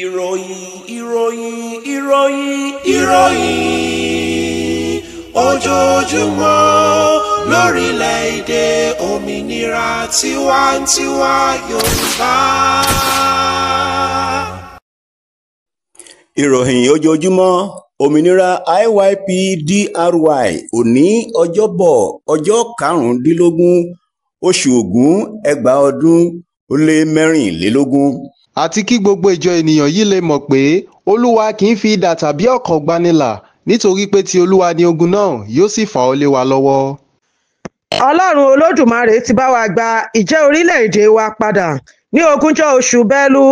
ìròyìn ìròyìn ìròyìn ìròyìn ojoojúmọ́ lórílẹ̀‐èdè òmìnira tiwantiwa yorùbá. ìròyìn ojoojúmọ́ òmìnira IYPDRY òní ọjọ́bọ̀ ọjọ́ karùndínlógún oṣù ògún ẹgbàá ọdún ó lé mẹ́rìnlélógún àti kí gbogbo ìjọ ènìyàn yìí lè mọ̀ pé olúwa kì í fi idà tàbí ọ̀kọ̀ gbani nítorí pé ti olúwa ni ogun náà yóò sì fà ọ́ lé wa lọ́wọ́. ọlọ́run olódùmarè ti bá wa gba ìjẹ́ orílẹ̀-èdè wa padà ní ogúnjọ́ oṣù bẹ́lú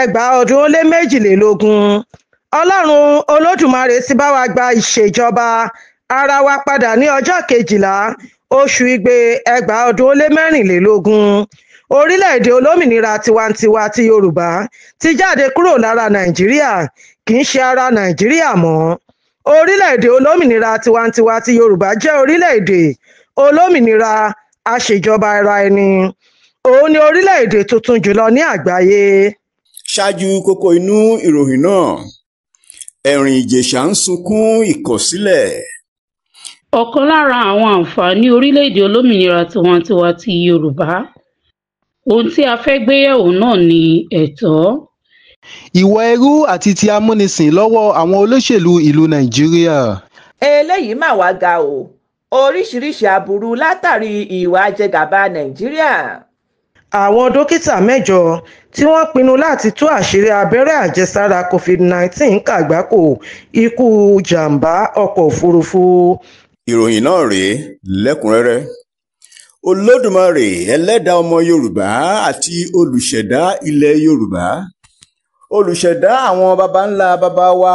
ẹgbàá ọdún ó lé méjìlélógún ọlọ́run olódùmarè ti bá wa gba ìṣèjọba ara wa padà ní ọjọ́ kejìlá oṣù igbe ẹgbàá ọdún ó lé mẹ́rìnlélógún orílẹ̀-èdè olómìnira tiwantiwa ti yorùbá ti jáde kúrò lára nàìjíríà kì í ṣe ara nàìjíríà mọ́ orílẹ̀-èdè olómìnira tiwantiwa ti yorùbá jẹ́ orílẹ̀-èdè olómìnira aṣèjọba ara ẹni òun ni orílẹ̀-èdè tuntun jùlọ ní àgbáyé. ṣáájú kókó inú ìròyìn náà ẹ̀rìn ìjèṣà ń sunkún ìkọ̀sílẹ̀. ọ̀kan lára àwọn àǹfààní orílẹ̀-èdè olómìnira tiwantiwa ti yorùbá Ohun tí a fẹ́ gbé yẹ̀wò náà ni ẹ̀tọ́. Ìwà ẹrú àti ti amúnisìn lọ́wọ́ àwọn olóṣèlú ìlú Nàìjíríà. Eléyìí mà wá ga o, oríṣiríṣi aburú látàrí ìwà àjẹgàba Nàìjíríà. Àwọn dókítà mẹ́jọ tí wọ́n pinnu láti tú àṣírí abẹ́rẹ́ àjẹsára COVID-19 kàgbákò ikú jàǹbá ọkọ̀ òfurufú. Ìròyìn náà rèé lẹ́kùnrẹ́rẹ́ olódùmarè ẹlẹ́dàá ọmọ yorùbá àti olùṣẹ̀dá ilẹ̀ yorùbá olùṣẹ̀dá àwọn baba ńlá baba wa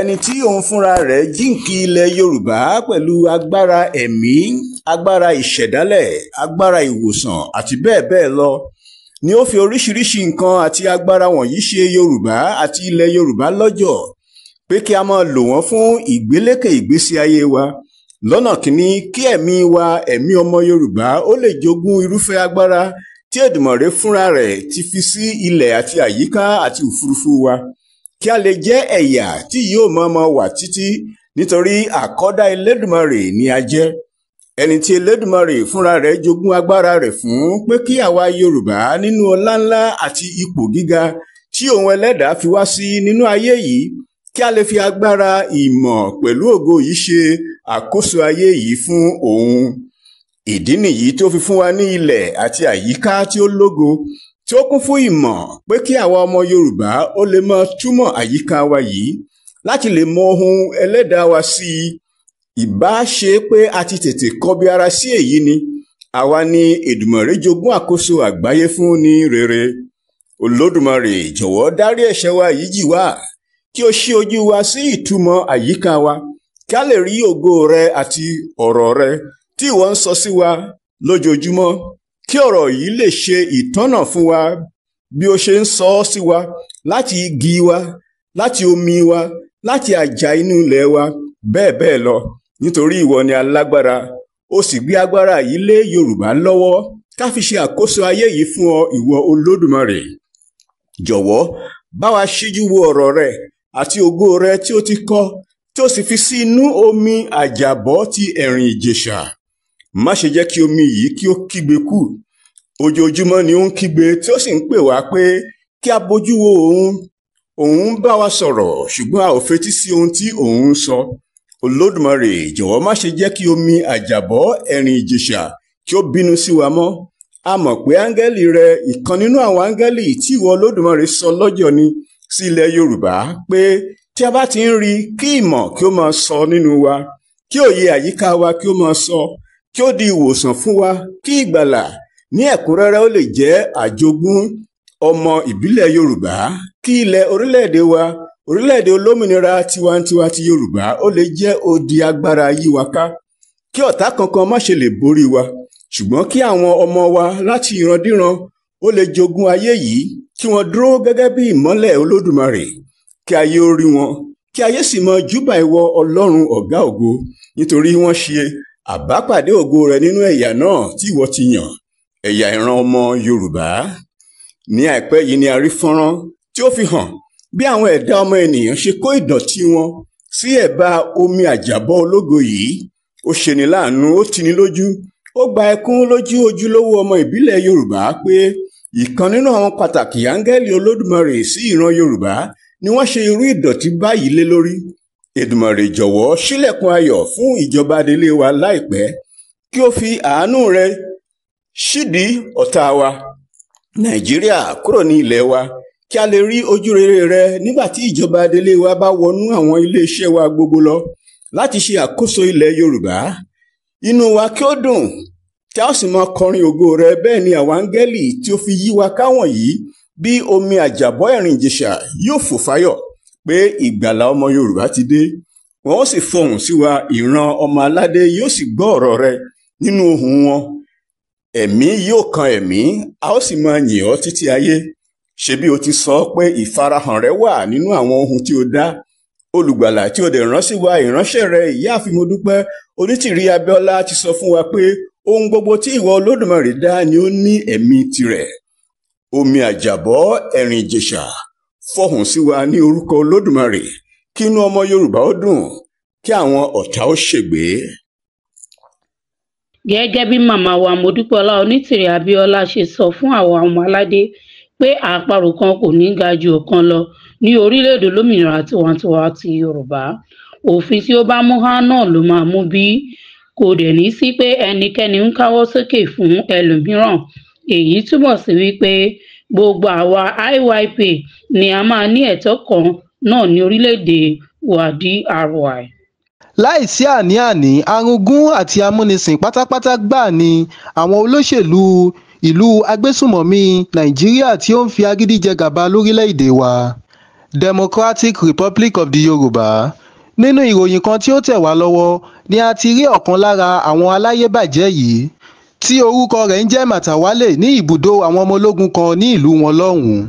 ẹni tí òun fúnra rẹ̀ jíǹkí ilẹ̀ yorùbá pẹ̀lú agbára ẹ̀mí agbára ìṣẹ̀dálẹ̀ agbára ìwòsàn àti bẹ́ẹ̀ bẹ́ẹ̀ lọ ni ó fi oríṣiríṣi nǹkan àti agbára wọ̀nyí ṣe yorùbá àti ilẹ̀ yorùbá lọ́jọ̀ pé kí a máa lò wọ́n fún ìgbélékè ìgbésí ayé wa lọ́nà kìíní kí ẹ̀mí wa ẹ̀mí ọmọ yorùbá ó lè jogún irúfẹ́ agbára tí èdùmàrè fúnra rẹ̀ ti fi sí ilẹ̀ àti àyíká àti òfurufú wa kí a lè jẹ́ ẹ̀yà tí yóò máa máa wà títí nítorí àkọ́dá elédùmarè ni a jẹ́ ẹni tí elédùmarè fúnra rẹ̀ jogún agbára rẹ̀ fún pé kí àwa yorùbá nínú ọlá àti ipò gíga tí òun ẹlẹ́dàá fi wá sí nínú ayé yìí kí a lè fi agbára ìmọ̀ pẹ̀lú ògo yìí ṣe àkóso ayé yìí fún òun. ìdí nìyí tó fi fún wa ní ilẹ̀ àti àyíká tí ó lógo tí ó kún fún ìmọ̀ pé kí àwa ọmọ Yorùbá ó lè mọ túmọ̀ àyíká wa yìí láti lè mọ ohun ẹlẹ́dàá wa sí i ìbá pé a ti tètè kọbi ara sí èyí ni àwa ni Èdùmàrè jogún àkóso àgbáyé fún ní rere Olódùmarè jọ̀wọ́ dárí ẹ̀ṣẹ̀ wa yìí jì wá kí o ṣí ojú wa sí ìtumọ̀ àyíká wa kí a lè rí ògo rẹ àti ọ̀rọ̀ rẹ tí ìwọ ń sọ sí wa lójoojúmọ́ kí ọ̀rọ̀ yìí lè ṣe ìtọ́nà fún wa bí o ṣe ń sọ ọ́ sí wa láti igi wa láti omi wa láti àjà inú ilẹ̀ wa bẹ́ẹ̀ bẹ́ẹ̀ lọ nítorí ìwọ ni alágbára o sì gbé agbára yìí lé Yorùbá lọ́wọ́ ká fi ṣe àkóso ayé yìí fún ọ ìwọ Olódùmarè jọ̀wọ́ bá wa ṣíjú wo ọ̀rọ̀ rẹ àti ògo rẹ tí ó ti kọ́ tí ó sì fi sí inú omi àjàbọ́ ti ẹ̀rìn ìjèṣà má ṣe jẹ́ kí omi yìí kí ó kígbe kú ojoojúmọ́ ni ó ń kígbe tí ó sì ń pè wá pé kí a bójú wo òun òun ń bá wa sọ̀rọ̀ ṣùgbọ́n a ò fetí sí ohun tí òun ń sọ olódùmarè jọ̀wọ́ má ṣe jẹ́ kí omi àjàbọ́ ẹ̀rìn ìjèṣà kí ó bínú sí wa mọ́ a mọ̀ pé áńgẹ́lì rẹ ìkan nínú àwọn áńgẹ́lì tí ìwọ olódùmarè sọ lọ́jọ́ ni sí ilẹ̀ yorùbá pé tí a bá ti ń rí kí ìmọ̀ kí ó máa sọ nínú wa kí òye àyíká wa kí ó máa sọ kí ó di ìwòsàn fún wa kí ìgbàlà ní ẹ̀kúnrẹ́rẹ́ ó lè jẹ́ àjogún ọmọ ìbílẹ̀ yorùbá kí ilẹ̀ orílẹ̀-èdè wa orílẹ̀-èdè olómìnira tiwantiwa ti yorùbá ó lè jẹ́ odi agbára yíwa kí ọ̀tá kankan má ṣe lè borí wa ṣùgbọ́n kí àwọn ọmọ wa láti ìrandíran ó lè jogún ayé yìí tí wọ́n dúró gẹ́gẹ́ bí ìmọ́lẹ̀ olódùmarè kí ayé ó rí wọn kí ayé sì mọ júbà ìwọ ọlọ́run ọ̀gá ògo nítorí wọ́n ṣe àbápàdé ògo rẹ nínú ẹ̀yà náà tí ìwọ ti yàn ẹ̀yà ìran ọmọ yorùbá ní àìpẹ́ yìí ni a rí fọ́nrán tí ó fi hàn bí àwọn ẹ̀dá ọmọ ènìyàn ṣe kó ìdọ̀tí wọn sí ẹ̀bá omi àjàbọ́ ológo yìí ó ṣeni láàánú ó tini lójú ó gba ẹkún lójú ojúlówó ọmọ ìbílẹ̀ yorùbá pé ìkan nínú àwọn pàtàkì áńgẹ́lì olódùmarè sí ìran yorùbá ni wọ́n ṣe irú ìdọ̀tí báyìí lé lórí èdùmarè jọ̀wọ́ ṣílẹ̀kùn ayọ̀ fún ìjọba adelé wa láìpẹ́ kí o fi àánú rẹ ṣídìí ọ̀tá wa nàìjíríà kúrò ní ilẹ̀ wa kí a lè rí ojú rere rẹ nígbà tí ìjọba adelé wa bá wọnú àwọn iléeṣẹ́ wa gbogbo lọ láti ṣe àkóso ilẹ̀ yorùbá inú wa kí ó dùn tí a sì máa kọrin ògo rẹ bẹ́ẹ̀ ni àwọn áńgẹ́lì tí ó fi yí wa káwọn yìí bí omi àjàbọ́ ẹ̀rìn ìjẹ̀ṣà yóò fò fáyọ̀ pé ìgbàlà ọmọ yorùbá ti dé wọn ó sì fọhùn sí wa ìran ọmọ aládé yóò sì gbọ́ ọ̀rọ̀ rẹ nínú ohùn wọn ẹ̀mí yóò kan ẹ̀mí a ó sì máa yìn ọ́ títí ayé ṣebí o ti sọ pé ìfarahàn rẹ wà nínú àwọn ohun tí o dá olùgbàlà tí o dẹ̀ rán wa ìránṣẹ́ rẹ ìyáàfin mo onítìrí abíọ́lá ti sọ fún wa pé ohun gbogbo tí ìwọ olódùmarè dá ni ó ní ẹ̀mí tirẹ̀ omi àjàbọ́ ẹ̀rìn ìjẹ̀ṣà fọhùn sí wa ní orúkọ olódùmarè kí inú ọmọ yorùbá ó dùn kí àwọn ọ̀tá ó ṣègbè. gẹ́gẹ́ bí màmá wa mọ́dúpọ́lá onítìrẹ abíọ́lá ṣe sọ fún àwọn ọmọ aládé pé àparò kan kò ní ga ju ọ̀kan lọ ní orílẹ̀-èdè olómìnira tiwantiwa ti yorùbá òfin tí ó bá mú hàn náà ló máa mú bí kò dẹ̀ ní sí pé ẹnikẹ́ni ń káwọ́ sókè fún ẹlòmíràn èyí túbọ̀ sí wípé gbogbo àwa IYP ni a máa ní ẹ̀tọ́ kan náà ní orílẹ̀-èdè wa DRY. láìsí àní-àní arúgún àti amúnisìn pátápátá gbáà ni àwọn olóṣèlú ìlú agbésùmọ̀mí nàìjíríà tí ó ń fi agídí jẹ gàba lórílẹ̀-èdè wa Democratic Republic of the Yorùbá nínú ìròyìn kan tí ó tẹ̀ wá lọ́wọ́ ni a ti rí ọ̀kan lára àwọn aláyébàjẹ́ yìí tí orúkọ rẹ̀ ń jẹ́ màtàwálè ní ibùdó àwọn ọmọ ológun kan ní ìlú wọn lọ́hùn-ún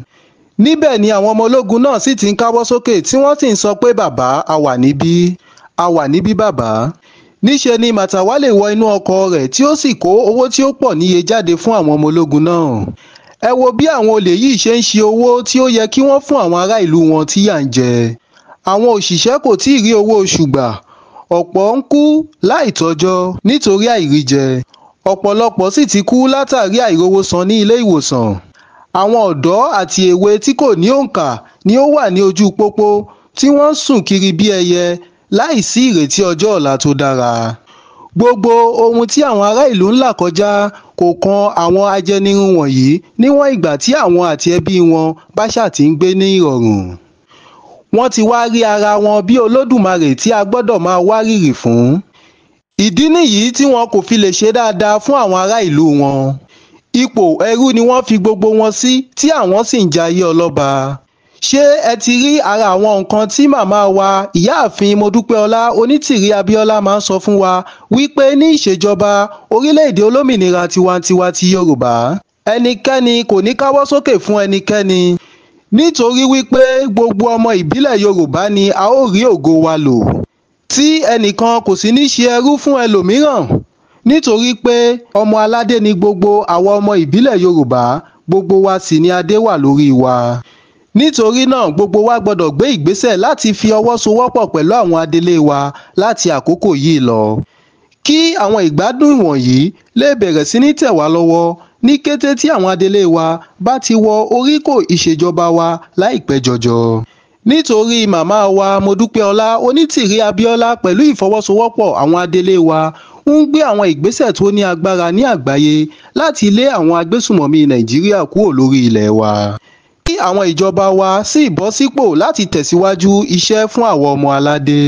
níbẹ̀ ni àwọn ọmọ ológun náà sì ti ń káwọ́ sókè tí wọ́n sì ń sọ pé bàbá a wà níbí a wà níbí bàbá níṣe ni màtàwálè wọ inú ọkọ̀ rẹ̀ tí ó sì kó owó tí ó pọ̀ níye jáde fún àwọn ọmọ náà ẹ wo bí àwọn olè yìí ṣe ń ṣe owó tí ó yẹ kí wọ́n fún àwọn ará ìlú wọn tí yà ń jẹ Àwọn òṣìṣẹ́ kò tíì rí owó oṣù gbà, ọ̀pọ̀ ń kú láì tọ́jọ́ nítorí àìríjẹ, ọ̀pọ̀lọpọ̀ sì ti kú látàrí àìrówósan ní ilé-ìwòsàn. Àwọn ọ̀dọ́ àti èwe tí kò ní òǹkà ni ó wà ní ojú pópó tí wọ́n ń sùn kiri bí ẹyẹ láìsí ìrètí ọjọ́ ọ̀la tó dára. Gbogbo ohun tí àwọn ará ìlú ń là kọjá kò kan àwọn ajẹnirun wọ̀nyí níwọ̀n ìgbà tí àwọn àti ẹbí wọn bá ṣáà ti ń gbé ní ìrọ̀rùn wọ́n ti wáá rí ara wọn bíi olódùmarè tí a gbọ́dọ̀ máa wárìrì fún ìdí nìyí tí wọn kò fi lè ṣe dáadáa fún àwọn ará ìlú wọn ipò ẹrú ni wọ́n fi gbogbo wọn sí tí àwọn sì ń jayé ọlọ́ba ṣé ẹ ti rí ara àwọn nǹkan tí màmá wa ìyáàfin modúpẹ́ọlá onítìrí abíọ́lá máa ń sọ fún wa wípé ní ìṣèjọba orílẹ̀-èdè olómìnira tiwantiwa ti yorùbá ẹnikẹ́ni kò ní káwọ́ sókè fún ẹnikẹ́ni nítorí wípé gbogbo ọmọ ìbílẹ̀ yorùbá ni a ó rí ògo wa lò tí ẹnìkan kò sì ní í ṣe ẹrú fún ẹlòmíràn nítorí pé ọmọ aládé ni gbogbo àwọn ọmọ ìbílẹ̀ yorùbá gbogbo wa sì ni adé wà lórí wa nítorí náà gbogbo wa gbọdọ̀ gbé ìgbésẹ̀ láti fi ọwọ́ sowọ́pọ̀ pẹ̀lú àwọn adelé wa láti àkókò yìí lọ kí àwọn ìgbádùn wọ̀nyí lè bẹ̀rẹ̀ sí ní tẹ̀ wá lọ́wọ́ ní kété tí àwọn adelé wa bá ti wọ oríkò ìṣèjọba wa láìpẹ́ jọjọ nítorí màmá wa Modúpẹ́ọlá Onítìrí Abíọ́lá pẹ̀lú ìfọwọ́sowọ́pọ̀ àwọn adelé wa ń gbé àwọn ìgbésẹ̀ tó ní agbára ní àgbáyé láti lé àwọn agbésùmọ̀mí Nàìjíríà kúrò lórí ilẹ̀ wa kí àwọn ìjọba wa sì bọ́ sípò láti tẹ̀síwájú iṣẹ́ fún àwọn ọmọ aládé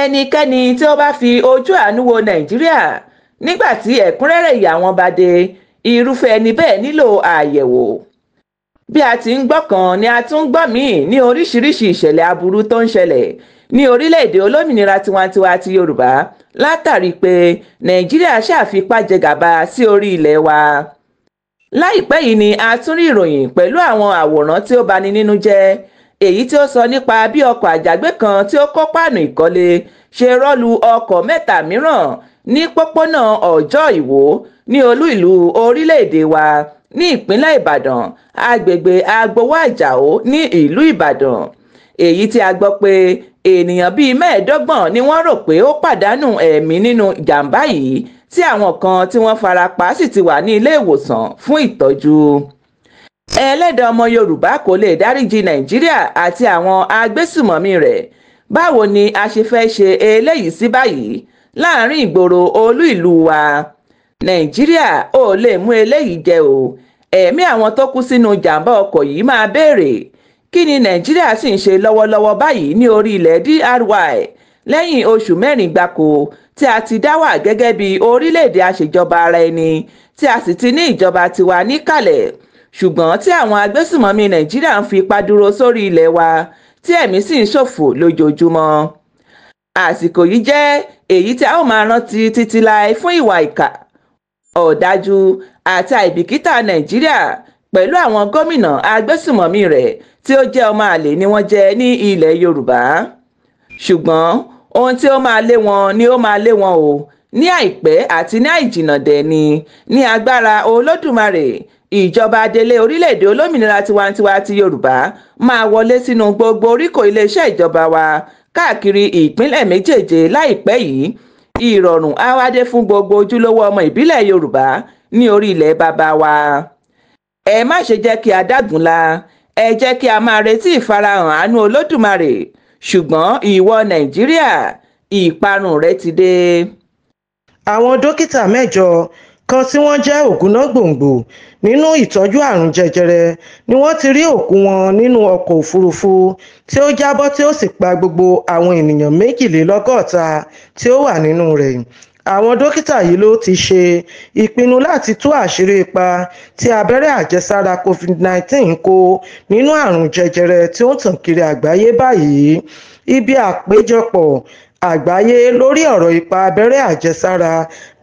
ẹnikẹ́ni tí ó bá fi ojú àánú wo nàìjíríà nígbà tí ẹ̀kúnrẹ́rẹ́ ìyà wọn bá dé irúfẹ́ ẹni bẹ́ẹ̀ nílò àyẹ̀wò bí a ti ń gbọ́ kan ni a tún ń gbọ́ míì ní oríṣiríṣi ìṣẹ̀lẹ̀ aburú tó ń ṣẹlẹ̀ ní orílẹ̀-èdè olómìnira tiwantiwa ti yorùbá látàrí pé nàìjíríà ṣàfipájẹgàba sí orí ilẹ̀ wa láìpẹ́ yìí ni a tún rí ìròyìn pẹ̀lú àwọn àwòrán tí ó bani nínú jẹ́ èyí tí ó sọ nípa bí ọkọ̀ àjàgbé kan tí ó kó páànù ìkọ́lé ṣe rọ́lu ọkọ̀ mẹ́ta mìíràn ní pópónà ọjọ́ ìwò ní olú ìlú orílẹ̀-èdè wa ní ìpínlẹ̀ ìbàdàn agbègbè agbowó àjàó ní ìlú ìbàdàn èyí tí a gbọ́ pé ènìyàn bíi mẹ́ẹ̀ẹ́dọ́gbọ̀n ni wọ́n rò pé ó pàdánù ẹ̀mí nínú ìjàmbá yìí tí àwọn kan tí wọ́n farapa sì ti wà ní ilé ìwòsàn fún ìtọ́jú ẹlẹ́dàá ọmọ yorùbá kò lè dáríji nàìjíríà àti àwọn agbésùmọ̀mí rẹ̀ báwo ni a ṣe fẹ́ ṣe eléyìí sí báyìí láàrin ìgboro olú ìlú wa nàìjíríà ò lè mú eléyìí jẹ o ẹ̀mí àwọn tó kú sínú jàǹbá ọkọ̀ yìí máa béèrè kí ni nàìjíríà sì ń ṣe lọ́wọ́lọ́wọ́ báyìí ní orí ilẹ̀ DRY lẹ́yìn oṣù mẹ́rin gbáko tí a ti dá wà gẹ́gẹ́ bí orílẹ̀-èdè aṣèjọba ara ẹni tí a sì ti ní ìjọba tiwa níkàlẹ̀ ṣùgbọ́n tí àwọn agbésùmọ̀mí nàìjíríà ń fi ipá dúró sórí ilẹ̀ wa tí ẹ̀mí sì ń ṣòfò lójoojúmọ́ àsìkò yìí jẹ́ èyí tí a ó máa rántí títí láé fún ìwà ìkà ọ̀dájú àti àìbìkítà nàìjíríà pẹ̀lú àwọn gómìnà agbésùmọ̀mí rẹ̀ tí ó jẹ́ ọmọ àlè ni wọ́n jẹ́ ní ilẹ̀ yorùbá ṣùgbọ́n ohun tí ó máa lé wọn ni ó máa lé wọn o ní àìpẹ́ àti ní àìjìnà dẹ̀ ni ní agbára olódùmarè ìjọba adelé orílẹ̀-èdè olómìnira tiwantiwa ti yorùbá máa wọlé sínú gbogbo oríkò iléeṣẹ́ ìjọba wa káàkiri ìpínlẹ̀ méjèèje láìpẹ́ yìí ìrọ̀rùn á wá dé fún gbogbo ojúlówó ọmọ ìbílẹ̀ yorùbá ní orí ilẹ̀ bàbá wa ẹ má ṣe jẹ́ kí a dágunlá ẹ jẹ́ kí a máa retí ìfarahàn àánú olódùmarè ṣùgbọ́n ìwọ nàìjíríà ìparun rẹ ti dé. àwọn dókítà mẹ́jọ kan tí wọ́n jẹ́ ògúnná gbòǹgbò nínú ìtọ́jú àrùn jẹjẹrẹ ni wọ́n ti rí òkú wọn nínú ọkọ̀ òfurufú tí ó jábọ́ tí ó sì pa gbogbo àwọn ènìyàn méjìlélọ́gọ́ta tí ó wà nínú rẹ̀ àwọn dókítà yìí ló ti ṣe ìpinnu láti tú àṣírí ipa tí abẹ́rẹ́ àjẹsára covid-19 kó nínú àrùn jẹjẹrẹ tí ó ń tàn kiri àgbáyé báyìí ibi àpéjọpọ̀ àgbáyé lórí ọ̀rọ̀ ipa abẹ́rẹ́ àjẹsára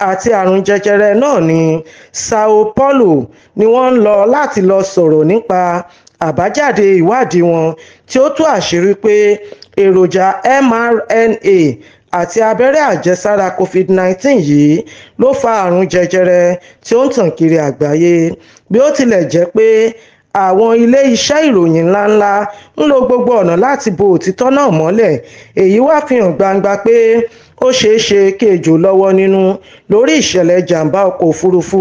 àti àrùn jẹjẹrẹ náà ní São Paulo ni wọ́n ń lọ láti lọ sọ̀rọ̀ nípa àbájáde ìwádìí wọn tí ó tú àṣírí pé èròjà mRNA àti abẹ́rẹ́ àjẹsára covid-19 yìí ló fa àrùn jẹjẹrẹ tí ó ń tàn kiri àgbáyé bí ó tilẹ̀ jẹ́ pé àwọn ilé-iṣẹ́ ìròyìn ńláńlá ń lo gbogbo ọ̀nà láti bo òtítọ́ náà mọ́lẹ̀ èyí wá fi hàn gbangba pé ó ṣeé ṣe kí ejò lọ́wọ́ nínú lórí ìṣẹ̀lẹ̀ jàǹbá ọkọ̀ òfurufú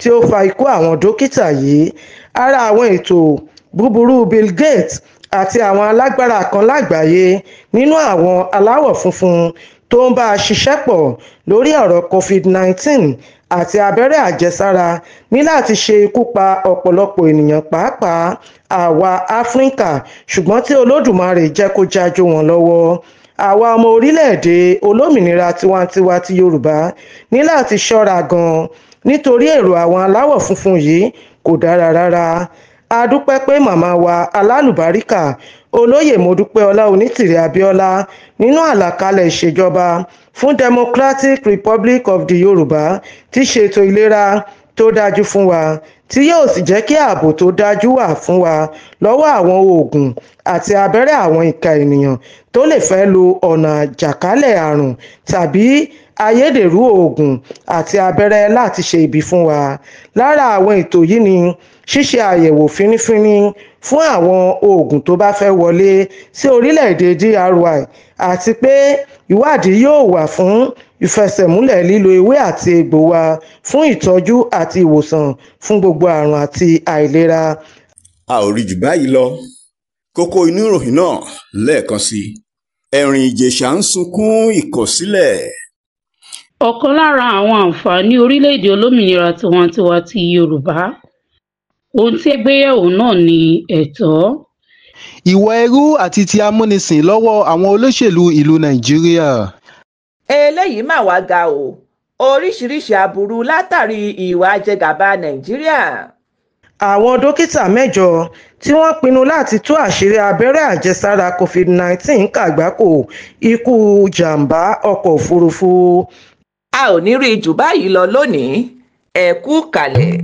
tí ó fa ikú àwọn dókítà yìí ara àwọn ètò búburú Bill Gates àti àwọn alágbára kan lágbàáyé nínú àwọn aláwọ̀ funfun tó ń bá a ṣiṣẹ́ pọ̀ lórí ọ̀rọ̀ COVID-19 àti abẹ́rẹ́ àjẹsára ní láti ṣe ikú pa ọ̀pọ̀lọpọ̀ ènìyàn pàápàá àwa áfíríkà ṣùgbọ́n tí olódùmarè jẹ́ kó jájú wọn lọ́wọ́ àwa ọmọ orílẹ̀-èdè olómìnira tiwantiwa ti yorùbá ní láti ṣọ́ra gan-an nítorí èrò àwọn aláwọ̀ funfun yìí kò dára rárá a dúpẹ́ pé màmá wa alálùbáríkà olóyè mọ́dúpẹ́ọlá onítìrí abíọ́lá nínú àlàkalẹ̀ ìṣèjọba fún democratic republic of the yorùbá ti ṣètò ìlera tó dájú fún wa tí yóò sì jẹ́ kí ààbò tó dájú wà fún wa lọ́wọ́ àwọn oògùn àti abẹ́rẹ́ àwọn ìka ènìyàn tó lè fẹ́ lo ọ̀nà àjàkálẹ̀ àrùn tàbí ayédèrú oògùn àti abẹ́rẹ́ láti ṣe ibi fún wa lára àwọn ètò yìí ni ṣíṣe àyẹ̀wò fínnífínní fún àwọn oògùn tó bá fẹ́ wọlé sí orílẹ̀-èdè dry àti pé ìwádìí yóò wà fún ìfẹsẹ̀múlẹ̀ lílo ewé àti egbò wa fún ìtọ́jú àti ìwòsàn fún gbogbo àrùn àti àìlera. a ò rí jù báyìí lọ kókó inú ìròyìn náà lẹ́ẹ̀kan sí i ẹ̀rìn ìjèṣà ń sunkún ìkọ̀sílẹ̀. ọ̀kan lára àwọn àǹfààní orílẹ̀-èdè olómìnira tiwantiwa ti yorùbá ohun tí ẹ gbé yẹ̀wò náà ni ẹ̀tọ́ ìwà ẹrú àti ti amúnisìn lọ́wọ́ àwọn olóṣèlú ìlú nàìjíríà. eléyìí mà wá ga o oríṣiríṣi aburú látàrí ìwà àjẹgàba nàìjíríà. àwọn dókítà mẹ́jọ tí wọ́n pinnu láti tú àṣírí abẹ́rẹ́ àjẹsára covid-19 kàgbákò ikú jàǹbá ọkọ̀ òfurufú. a ò ní rí jù báyìí lọ lónìí ẹ kú kàlẹ̀.